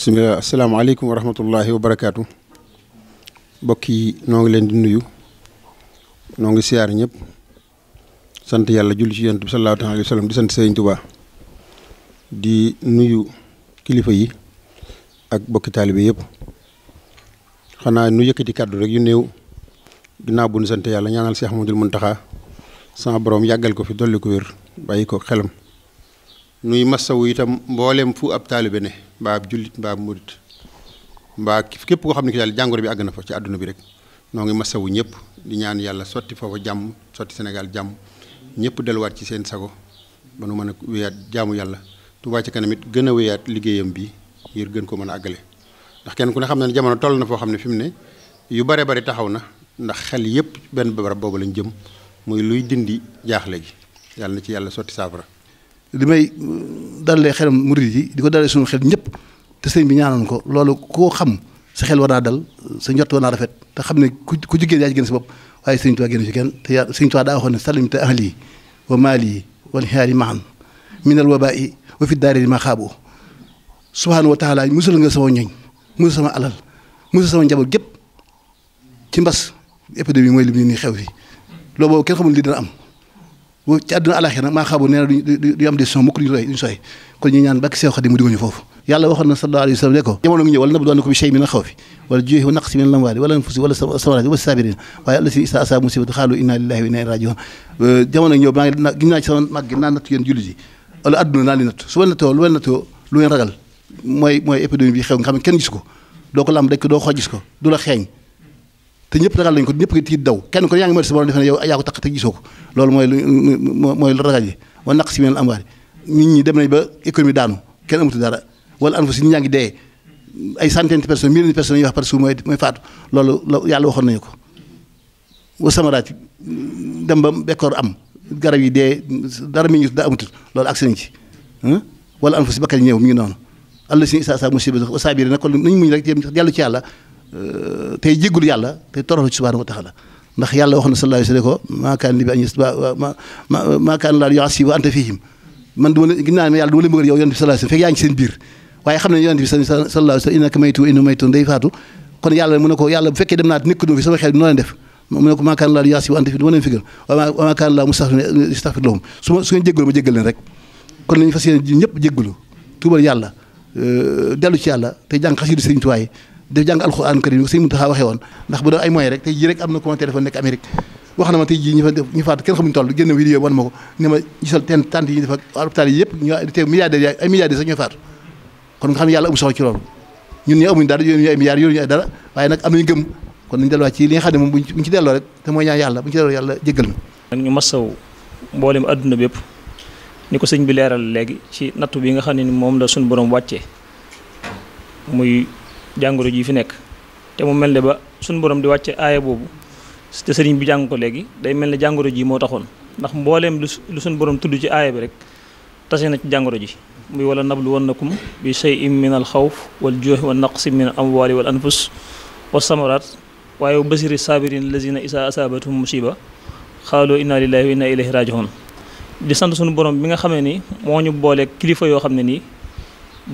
bisimilah asalaamaaleykum wa rahmatullahi wa barakaatu mbokk yi noo ngi leen di nuyu noo ngi siyaar ñëpp sant yàlla julli ci yonent bi sallallahu alayhi di sant seen Tuubaa di nuyu kilifa yi ak bokki taalibe yëpp xanaa nu yëkkati kàddu rek yu néew ginnaaw bu nu sant yàlla ñaanal Cheikh Ahmadul Muntaxa sama borom yàggal ko fi dolli ko wér bàyyi ko xelam. nuy masawu itam mbooleem fu ab taalibe ne mbaa ab jullit mbaa ab murit mbaa képp koo xam ne ki yàlla jàngoro bi àgg na fa ci àdduna bi rek noo ngi masawu ñëpp di ñaan yàlla sotti foofa jàmm sotti Sénégal jàmm ñëpp delluwaat ci seen sago ba nu mën a wéyaat jaamu yàlla Touba ci kanamit it gën a wéyaat liggéeyam bi ngir gën ko mën a àggale ndax kenn ku ne xam ne jamono toll na foo xam ne fi mu ne yu bare bari taxaw na ndax xel yëpp benn barab boobu lañ jëm muy luy dindi jaaxle gi yàlla na ci yàlla sotti saafara li may mm, dalalee xelam murid yi di ko dalalee suñu xel ñëpp te sëñ bi ñaanoon ko loolu koo xam sa xel war naa dal sa njort war naa rafet te xam ne ku ku jigéen yaa ci gën sa bopp waaye sëñ Tuubaa génn ci kenn te yaa sëñ Tuubaa daa waxoon ne salim te ahli wa maali wal xiyaari maxan minal wabaa'i wa ma xaaboo subhaanahu wa taala nga sama ñoñ musal sama alal musal sama njaboot gépp ci mbas épidémie mooy li mu nii xew fi loolu boobu kenn xamul li dina am ci àdduna alaxira maa xaabu nee na du am décision soy kon ñu ñaan bakki Seex Xaadim mu digoñu foofu yàlla waxoon na sallallahu alayhi wa sallam ne ko jamono ngi ñëw wala nabluwannakum bi shay'in min al-khawfi wal juu'i wa wala samaraati wa bashiri saabiriin waaye allaziina izaa asaabathum musiibatun qaaluu wala àdduna naa li natt su wel nattoo lu wel nattoo lu ragal mooy mooy épidémie bi xew nga xam ne kenn gis ko do ko lam daj ko doo xoo gis ko du la te ñëpp ragal lañ ko ñëpp ngi tiit daw kenn ko yaa ngi mel si defe ne yow yaa ko taq te gisoo ko loolu mooy mooy ragal yi wa naq si mel amwaar nit ñi dem nañ ba économie daanu kenn amatu dara wala an si nit ñaa ngi dee ay centaine de personnes mille de personnes yi wax par suuf mooy mooy faatu loolu yàlla waxoon nañu ko wa samaraat dem ba bekkoor am garab yi dee dara mi ñu da amatul loolu agsi nañ si bakkan ñëw mi ngi noonu allah rek yem ci yàlla tey jéggul yàlla tey toroxlu ci subhaanahu wa ndax yàlla wax na sallallahu alayhi wa sallam ko maa kaan ma ma maa laa yuasi wa anta fihim man du ma leen ginnaaw yàlla du ma leen bëgg yow yonent bi sallallahu alayhi wa sallam fekk yaa ngi seen biir waaye xam ne yonent bi sallallahu alayhi wa sallam innaka maytu wa innahum maytuun day faatu kon yàlla mu ko yàlla bu fekkee dem naa nekk fi sama xel noo leen def mu ne ko maa kaan laa yuasi wa anta fihim du ma leen figal wa maa kaan laa su ma su ñëpp yàlla euh, dellu ci yàlla te jàng xasidu Sëriñ Tuubaa def jàng alxuraan karim sëñ Muntaxa waxee woon ndax bu doon ay moyens rek tey jii rek am na comment téléphone nekk Amérique wax na ma tey jii ñu fa def ñu faatu kenn toll génn vidéo wan ma ko ne ma gisal teen tant sax ñoo faatu kon nga xam ne yàlla amu dara yooyu ñu ay milliards yooyu waaye nag am nañu gëm kon nañ delluwaat ci li nga xam ne moom buñ ci delloo rek te mooy ñaan yàlla buñ ci delloo yàlla jéggal mi nag ñu masaw mboolem adduna bépp ni ko sëñ bi leeral léegi ci nattu bi nga xam ne ni moom la suñu borom wàccee muy jàngoro ji fi nekk te mu mel ne ba suñu borom di wàcce aaya boobu te sëriñ bi jàng ko léegi day mel ni jàngoro ji moo taxoon ndax mbooleem lu suñu borom tudd ci aaya bi rek tase na ci jàngoro ji muy wala nablu wannakum bi shay'in min al xawf wal juux wa naqsi min al amwaali wal anfus wa samaraat waaye wa basiri sabirin lazina isa asaabatum musiba xaaloo inna lillahi wa inna ilayhi rajiun di sant sunu borom bi nga xamee ni moo ñu boole kilifa yoo xam ne nii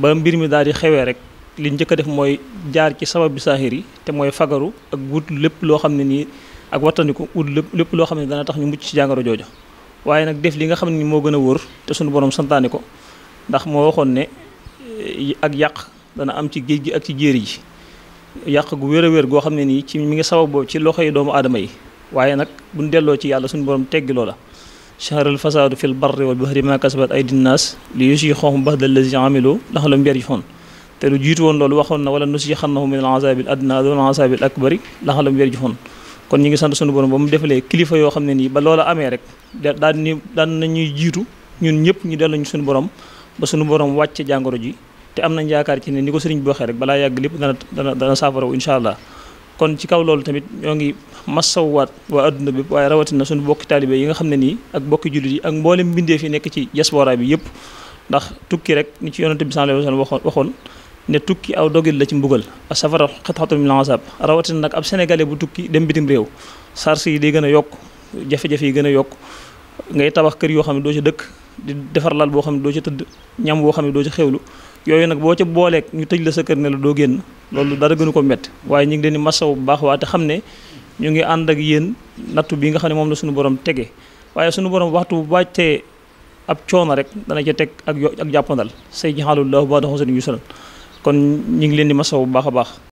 ba mbir mi daal di xewee rek li njëkk a def mooy jaar ci sabab bi saaxir yi te mooy fagaru ak wut lépp loo xam ne nii ak wattandiku wut lépp lépp loo xam ne dana tax ñu mucc ci jàngoro jooju waaye nag def li nga xam ne nii moo gën a wóor te suñu boroom santaane ko ndax moo waxoon ne eh, ak yàq dana am ci géej gi ak ci jéeri ji yàq gu wér a wér goo xam ne nii ci mi ngi sababoo ci loxo yi doomu aadama yi waaye nag buñ delloo ci yàlla suñu borom teggi loola chahral fasaadu fil barri wal bahri ma kasabat aydin nas li yusi xooxum baxdal lazi amilu ndax la mbir yi xoon te lu jiitu woon loolu waxoon na wala nusixannahum min al-azaabil adnaa wa al-azaabil akbari la'allahum yarji'uun kon ñu ngi sant sunu borom ba mu defalee kilifa yoo xam ne nii ba loola amee rek daan ni ñuy jiitu ñun ñëpp ñu delluñu sunu borom ba sunu borom wàcce jàngoro ji te am na yaakaar ci ne ni ko sëriñ bi waxee rek balaa yàgg lépp dana dana dana saafaraw incha allah kon ci kaw loolu tamit ñoo ngi massawwaat waa adduna bi waaye rawatina sunu bokki taalibe yi nga xam ne nii ak bokki jullit yi ak mboolem mbindeef yi nekk ci diaspora bi yëpp ndax tukki rek ni ci yonente bi sallallahu wa sallam waxoon ne tukki aw dogit la ci mbugal safara xitxatun min al-azab rawatina nag ab sénégalais bu tukki dem bitim réew sars yi day gën a yokk jafe-jafe yi gën a yokk ngay tabax kër yoo xam ne doo ci dëkk di defar lal boo xam ne doo ci tëdd ñam woo xam ne doo ci xewlu yooyu nag boo ca booleek ñu tëj la sa kër ne la doo génn loolu dara gënu ko métti waaye ñu ngi leen di masaw bu baax waate xam ne ñu ngi ànd ak yéen nattu bi nga xam ne moom la suñu borom tegee waaye suñu borom waxtu bu wàccee ab coono rek dana ca teg ak ak jàppandal say jixaalullahu ba'da husrin yusran kon ñu ngi leen di masaw bu baax a baax